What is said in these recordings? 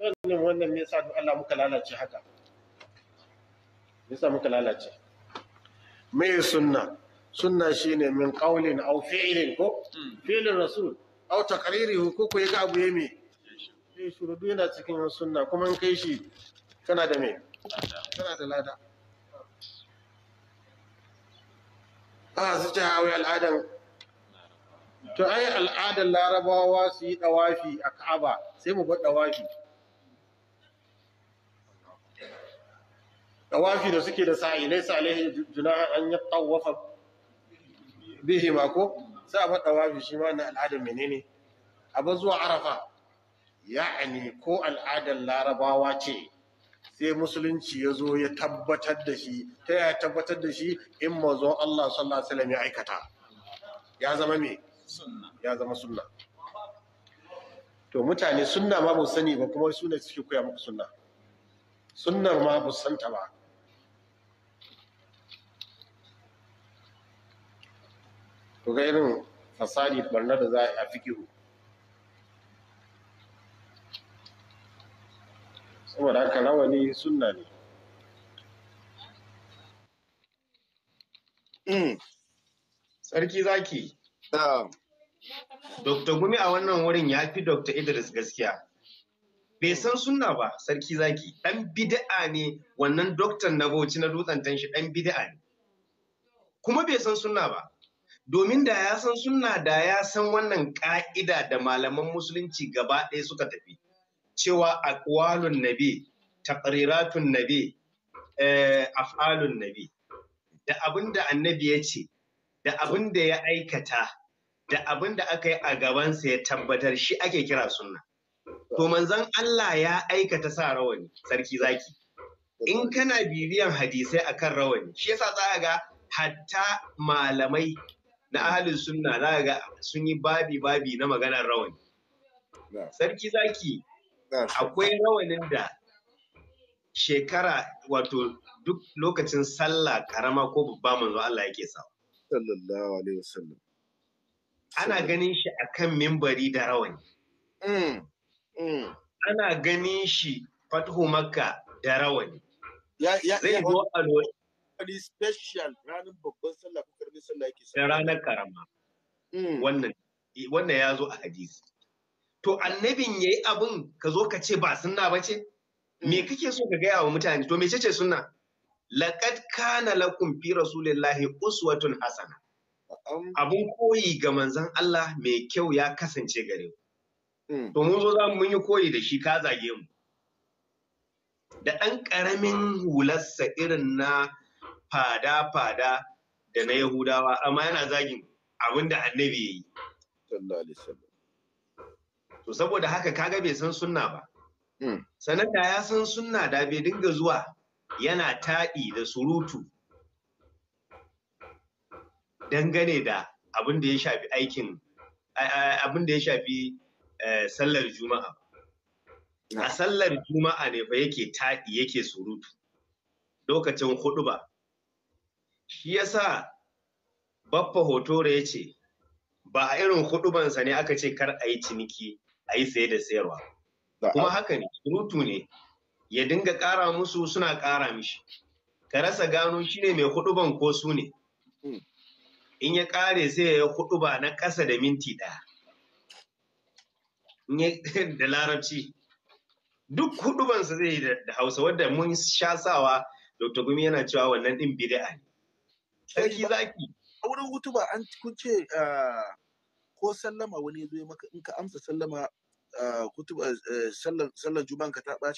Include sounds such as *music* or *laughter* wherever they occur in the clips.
wannan wannan me yasa Allah muka lalace haka me yasa muka lalace me sunna sunna shine min qawlin aw fi'lin ko hmm. fi'lin rasul aw taqririhi ko ko yaga abu yemi shi shurudu yana cikin sunna kuma in kai shi kana da me kana da lada a su ce hawaye al'adan to ai al'adan larabawa su yi dawafi a ka'aba sai mu bar dawafi tawafi da suke da sa'i laysa alaihi junaha an yatawafa bihi ma ko sai a tawafi shi ma na al'adar menene abin zuwa arafa ya'ani ko al'adar larabawa ce sai musulunci ya zo ya tabbatar da shi ta ya tabbatar da shi in mazo Allah sallallahu alaihi wasallam ya aikata ya zama me ya zama sunna to mutane sunna ma ba sani ba kuma su ne suke koya muku sunna sunnar ma ba san ta ba to ga irin fasadi barna da za a fikihu saboda haka rawani sunna ne mm. sarki zaki dokta Gumi a wannan wurin ya fi dokta Idris gaskiya. Bai san sunna ba, sarki zaki, dan bida'a ne wannan doktan na bauchi na dutsen shi dan bida'a ne. Kuma bai san sunna ba. domin da ya san sunna da ya san wannan ka'ida da malaman musulunci gaba ɗaya suka tafi cewa aqwalun nabi taqriratun nabi eh, af'alun nabi da abin da annabi ya ce da abin da ya aikata da abin da aka yi a gabansa ya tabbatar shi ake kira sunna to manzon Allah ya aikata sa rawani sarki zaki in kana bibiyan hadisai akan rawani shi yasa za ga hatta malamai na ahalin sunna za ga sun yi babi babi na maganar rawani sarki zaki akwai rawanin da shekara wato duk lokacin sallah karama ko babba manzo Allah yake sa sallallahu alaihi wasallam ana ganin shi akan mimbari da rawani mm, mm. ana ganin shi fathu makka da rawani zai zo a kokari special ranar babban sallah ko karamin sallah yake sallah ranar karama mm. wannan eh, wannan ya zo a hadisi to annabin yayi abun ka zo ka ce ba sunna ba ce mm. me kake so ka gaya wa mutane to mece ce sunna laqad kana lakum fi rasulillahi uswatun hasana abun koyi ga manzon Allah mai kyau ya kasance gare ku mm. to mun zo za mu yi koyi da shi ka zage mu da ɗan ƙaramin hularsa irin na fada-fada da na Yahudawa, amma yana zagin abin da annabi ya yi. To saboda haka kaga bai san sunna ba. Hmm. Sanata ya san sunna da bai dinga zuwa yana taɗi da surutu dangane da abin da ya shafi aikin abin da ya shafi eh, sallar juma'a. A sallar juma'a ne fa yake taɗi yake surutu lokacin hudu ba. shi yasa baffa hoto ya ce ba a irin hudubansa ne aka ce kar a yi ciniki a yi saye da sayarwa kuma haka ne rutu ne ya dinga ƙara musu suna ƙara mishi ka rasa gano shi ne mai huɗuban, ko su ne hmm. in ya kare sai ya huduba na ƙasa da minti ɗaya *laughs* da larabci duk hudubansa zai yi da hausa wadda mun sha sawa dr gumi yana cewa wannan ɗin bid'a ne sarki zaki a wurin hutu ba an kun ce ah, ko sallama wani zai maka in ka amsa sallama ah, ah, sallan juman ka ta ba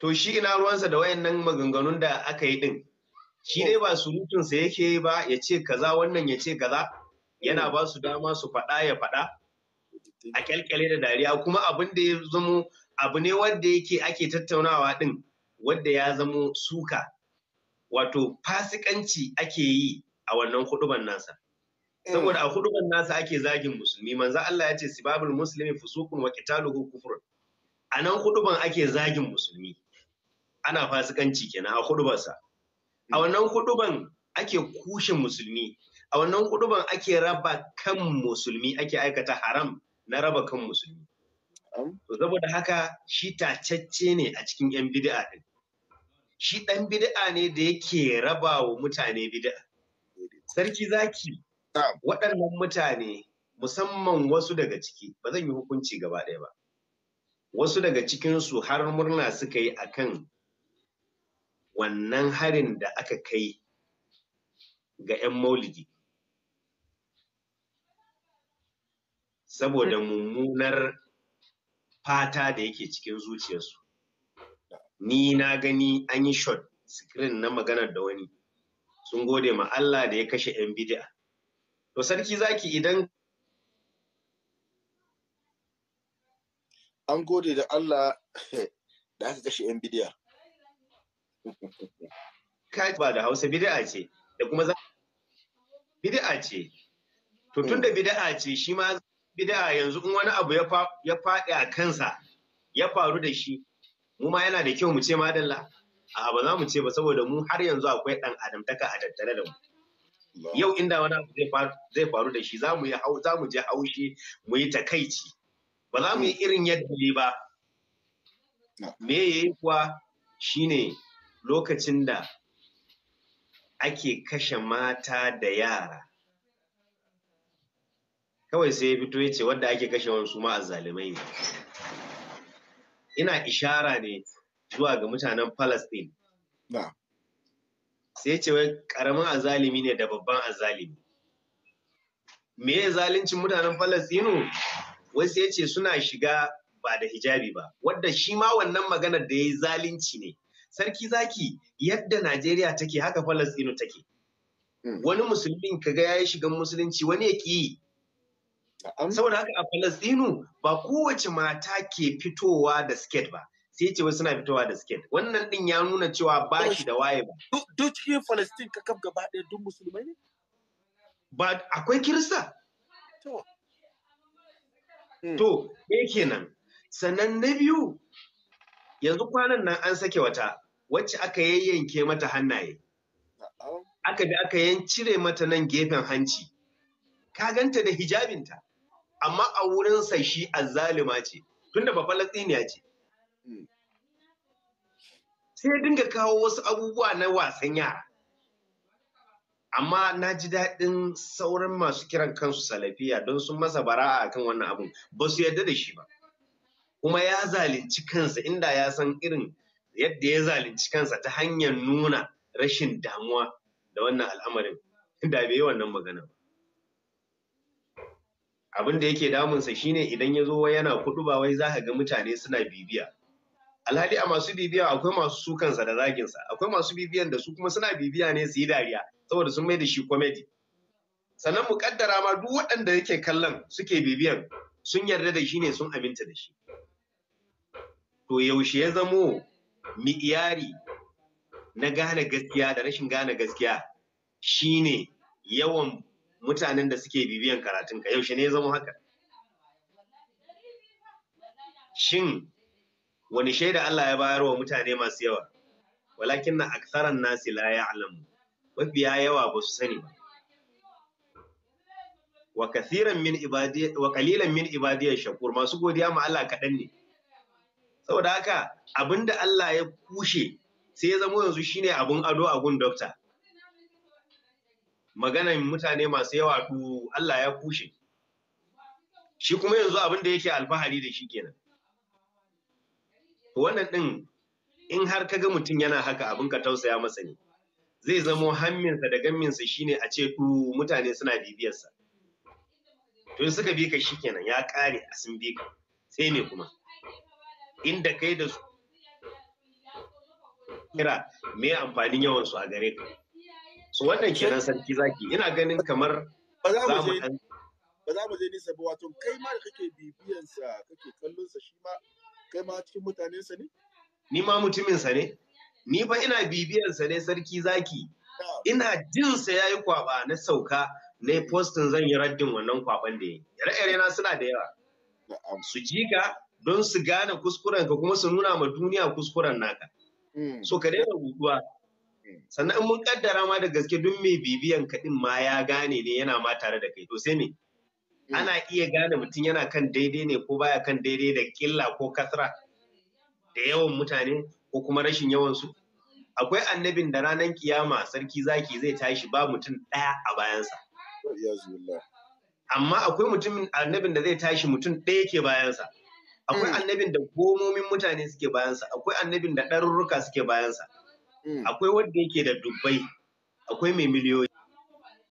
to shi ina ruwansa da wayannan maganganun da aka yi din shi dai ba surutunsa yake ba ya ce kaza wannan ya ce kaza yana ba su dama su faɗa ya faɗa a kyalkyale da dariya kuma abin da ya zamo abu ne wanda yake ake tattaunawa din wanda ya zamo suka wato fasikanci ake yi a wannan huduban nasa eh. saboda a huduban nasa ake zagin musulmi manzo Allah ya ce sibabul muslimi fusukun wa qitaluhu kufur. a nan huduban ake zagin musulmi ana fasikanci kenan a sa. a hmm. wannan huduban ake kushe musulmi a wannan huduban ake raba kan musulmi ake aikata haram na raba kan musulmi saboda haka shi tacacce ne a cikin yan bid'a din shi ɗan bid'a ne da yake raba wa mutane bid'a. Sarki zaki waɗannan mutane musamman wasu daga ciki ba zan yi hukunci gaba ɗaya ba. Wasu daga cikinsu har murna suka yi a kan wannan harin da aka kai ga 'yan maulidi. Saboda mummunar fata da yake cikin zuciyarsu. ni na gani an yi shot screen na maganar da wani sun gode ma Allah da ya kashe 'yan bid'a to sarki zaki idan an gode da Allah *laughs* da aka kashe 'yan bid'a *laughs* ka ba da Hausa bid'a ce da kuma za bid'a ce to da hmm. bid'a ce shi ma bid'a yanzu in wani abu ya faɗi a kansa ya faru da shi mu ma yana da kyau mu ce madalla a ba za mu ce ba saboda mu har yanzu akwai ɗan adamtaka a tattare da mu yau inda wani abu zai faru da shi za mu je haushi mu yi takaici ba za mu yi irin yadda ne ba me ya yi kuwa shine lokacin da ake kashe mata da yara kawai sai ya fito ya ce wadda ake kashe wasu ma a zalimai ne ina ishara ne zuwa ga mutanen Palestine. Sai ce wai ƙaramin azalimi ne da babban azalimi. Me ya zalincin mutanen Falasɗinu? Wai sai ce suna shiga ba da hijabi ba, wadda shi ma wannan maganar da ya yi zalunci ne. Sarki zaki yadda Najeriya take haka Palestinu take. Hmm. Wani musulmin kaga ya yi shigan musulunci wani ya ƙi saboda haka a Falastinu ba kowace mata ke fitowa da sket ba sai ce wasu suna fitowa da sket wannan din ya nuna cewa ba shi da waye ba duk cikin Falastin ka kaf gaba ɗaya duk musulmai ne ba akwai kirista to me me kenan sannan na biyu yanzu kwanan nan an sake wata wacce aka yayyanke mata hannaye aka bi aka yan cire mata nan gefen hanci ka ganta da hijabinta amma a wurinsa shi azzalima ce tunda ba falastiniya ce hmm. sai dinga kawo wasu abubuwa na wasan yara amma na ji daɗin sauran masu kiran kansu salafiya don sun masa bara'a kan wannan abun ba su yarda da shi ba kuma ya zalunci kansa inda ya san irin yadda ya zalunci kansa ta hanyar nuna rashin damuwa da wannan al'amarin da bai yi wannan magana ba abin da yake damunsa shine idan ya zo wai yana kudu ba wai za ka ga mutane suna bibiya alhali a masu bibiya akwai masu sukansa da zaginsa akwai masu bibiyan da su kuma suna bibiya ne su yi dariya saboda sun mai da shi komedi sannan mu ma duk waɗanda yake kallon suke bibiyan sun yarda da shi ne sun aminta da shi to yaushe ya zamo mi'iyari na gane gaskiya da rashin gane gaskiya shine yawan mutanen da suke bibiyan karatun ka yaushe ne ya zama haka shin wani shaida Allah ya bayar wa mutane masu yawa walakin na aksaran nasi la ya'lamu mafiya yawa ba su sani ba wa kathiran min ibadi wa qalilan min shakur masu godiya ma Allah kaɗan ne saboda haka abinda Allah ya kushe sai ya zama yanzu shine abun ado a gun dokta maganan mutane masu yawa to Allah ya kushe shi kuma yanzu abin da yake alfahari da shi kenan wannan din in har ka ga mutum yana haka abin ka tausaya masa ne zai zamo hamminsa da gamminsa shine a ce to mutane suna bibiyarsa to in suka bi ka kenan ya kare a sun bi sai me kuma inda kai da su kira me amfanin yawan su a gare ka su wannan kenan sarki zaki ina ganin kamar ba za mu je ba za mu je nisa ba wato kai ma da kake bibiyan sa kake kallon sa shi ma kai ma cikin mutanen sa ne ni ma mutumin sa ne ni fa ina bibiyan sa ne sarki zaki ina jin sa yayi kwaba na sauka na postin zan yi raddin wannan kwaban da yayi ire-ire na suna da yawa su jika don su gane kuskuren ka kuma su nuna ma duniya kuskuren naka hmm. so ka daina ruduwa sannan in mun kaddara ma da gaske duk mai bibiyan ka din ma ya gane ne yana ma tare da kai to sai me mm. ana iya gane mutum yana kan daidai ne ko baya kan daidai da killa ko kasra da yawan mutane ko kuma rashin yawan su akwai annabin da ranar kiyama sarki zaki zai tashi ba mutum ɗaya a bayansa amma akwai mutum annabin da zai tashi mutum ɗaya ke bayansa akwai mm. annabin da gomomin mutane suke bayansa akwai annabin da ɗarurruka suke bayansa Mm. akwai wanda yake da dubbai akwai mai miliyoyi